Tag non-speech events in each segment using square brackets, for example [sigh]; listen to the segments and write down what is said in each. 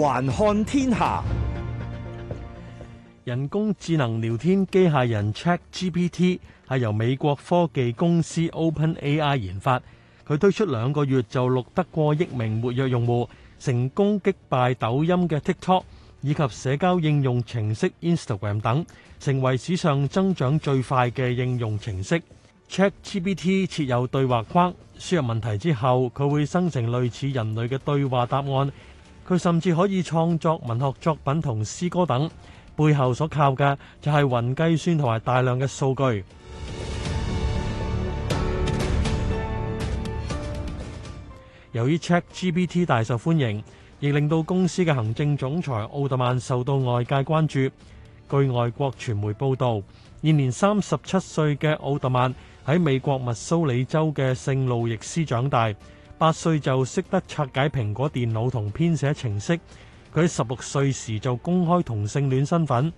環看天下，人工智能聊天機械人 ChatGPT 係由美國科技公司 OpenAI 研發。佢推出兩個月就錄得過億名活躍用戶，成功擊敗抖音嘅 TikTok，以及社交應用程式 Instagram 等，成為史上增長最快嘅應用程式。ChatGPT 設有對話框，輸入問題之後，佢會生成類似人類嘅對話答案。佢甚至可以創作文學作品同詩歌等，背後所靠嘅就係雲計算同埋大量嘅數據。 [music] 由於 ChatGPT 大受歡迎，亦令到公司嘅行政總裁奧特曼受到外界關注。據外國傳媒報道，現年三十七歲嘅奧特曼喺美國密蘇里州嘅聖路易斯長大。八歲就識得拆解蘋果電腦同編寫程式，佢喺十六歲時就公開同性戀身份。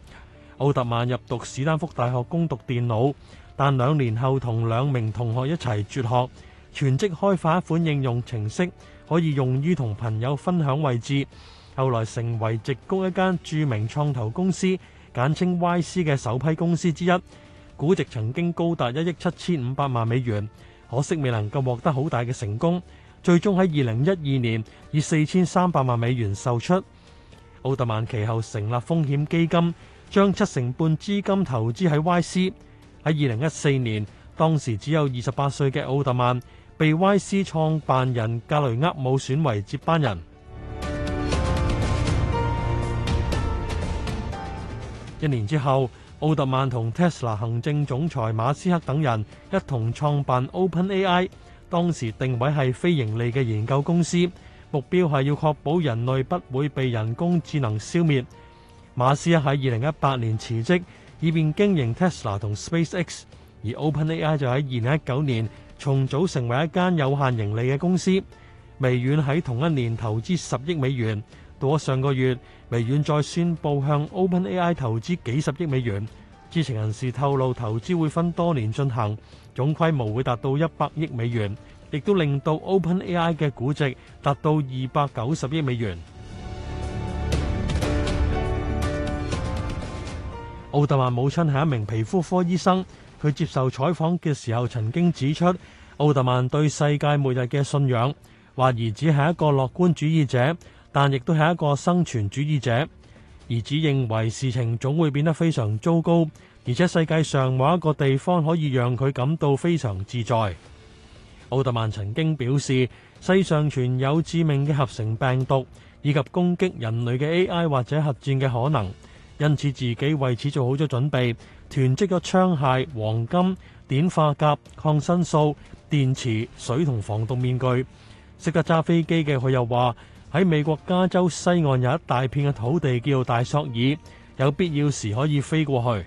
奧特曼入讀史丹福大學攻讀電腦，但兩年後同兩名同學一齊輟學，全職開發一款應用程式，可以用於同朋友分享位置。後來成為矽谷一間著名創投公司，簡稱 YC 嘅首批公司之一，估值曾經高達一億七千五百萬美元，可惜未能夠獲得好大嘅成功。最終喺二零一二年以四千三百萬美元售出。奧特曼其後成立風險基金，將七成半資金投資喺 YC。喺二零一四年，當時只有二十八歲嘅奧特曼被 YC 創辦人格雷厄姆選為接班人。一年之後，奧特曼同 Tesla 行政總裁馬斯克等人一同創辦 OpenAI。當時定位係非盈利嘅研究公司，目標係要確保人類不會被人工智能消滅。馬斯克喺二零一八年辭職，以便經營 Tesla 同 SpaceX，而 OpenAI 就喺二零一九年重組成為一間有限盈利嘅公司。微軟喺同一年投資十億美元，到咗上個月，微軟再宣佈向 OpenAI 投資幾十億美元。知情人士透露，投資會分多年進行，總規模會達到一百億美元。亦都令到 OpenAI 嘅估值達到二百九十億美元。奧特曼母親係一名皮膚科醫生，佢接受採訪嘅時候曾經指出，奧特曼對世界末日嘅信仰，話兒子係一個樂觀主義者，但亦都係一個生存主義者。兒子認為事情總會變得非常糟糕，而且世界上某一個地方可以讓佢感到非常自在。奧特曼曾經表示，世上存有致命嘅合成病毒，以及攻擊人類嘅 AI 或者核戰嘅可能，因此自己為此做好咗準備，囤積咗槍械、黃金、碘化鉀、抗生素、電池、水同防毒面具。識得揸飛機嘅佢又話，喺美國加州西岸有一大片嘅土地叫大索爾，有必要時可以飛過去。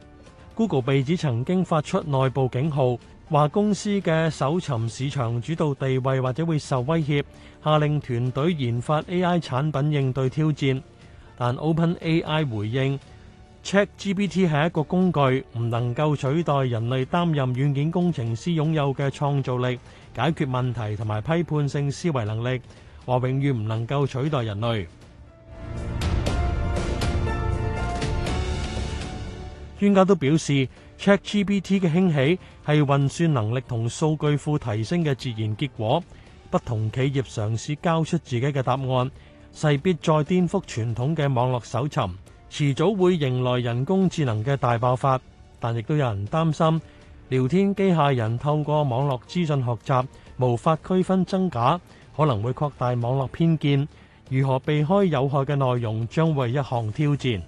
Google 被指曾經發出內部警號，話公司嘅搜尋市場主導地位或者會受威脅，下令團隊研發 AI 產品應對挑戰。但 OpenAI 回應，ChatGPT 係一個工具，唔能夠取代人類擔任軟件工程師擁有嘅創造力、解決問題同埋批判性思維能力，話永遠唔能夠取代人類。專家都表示，ChatGPT 嘅興起係運算能力同數據庫提升嘅自然結果。不同企業嘗試交出自己嘅答案，勢必再顛覆傳統嘅網絡搜尋，遲早會迎來人工智能嘅大爆發。但亦都有人擔心，聊天機械人透過網絡資訊學習，無法區分真假，可能會擴大網絡偏見。如何避開有害嘅內容，將為一項挑戰。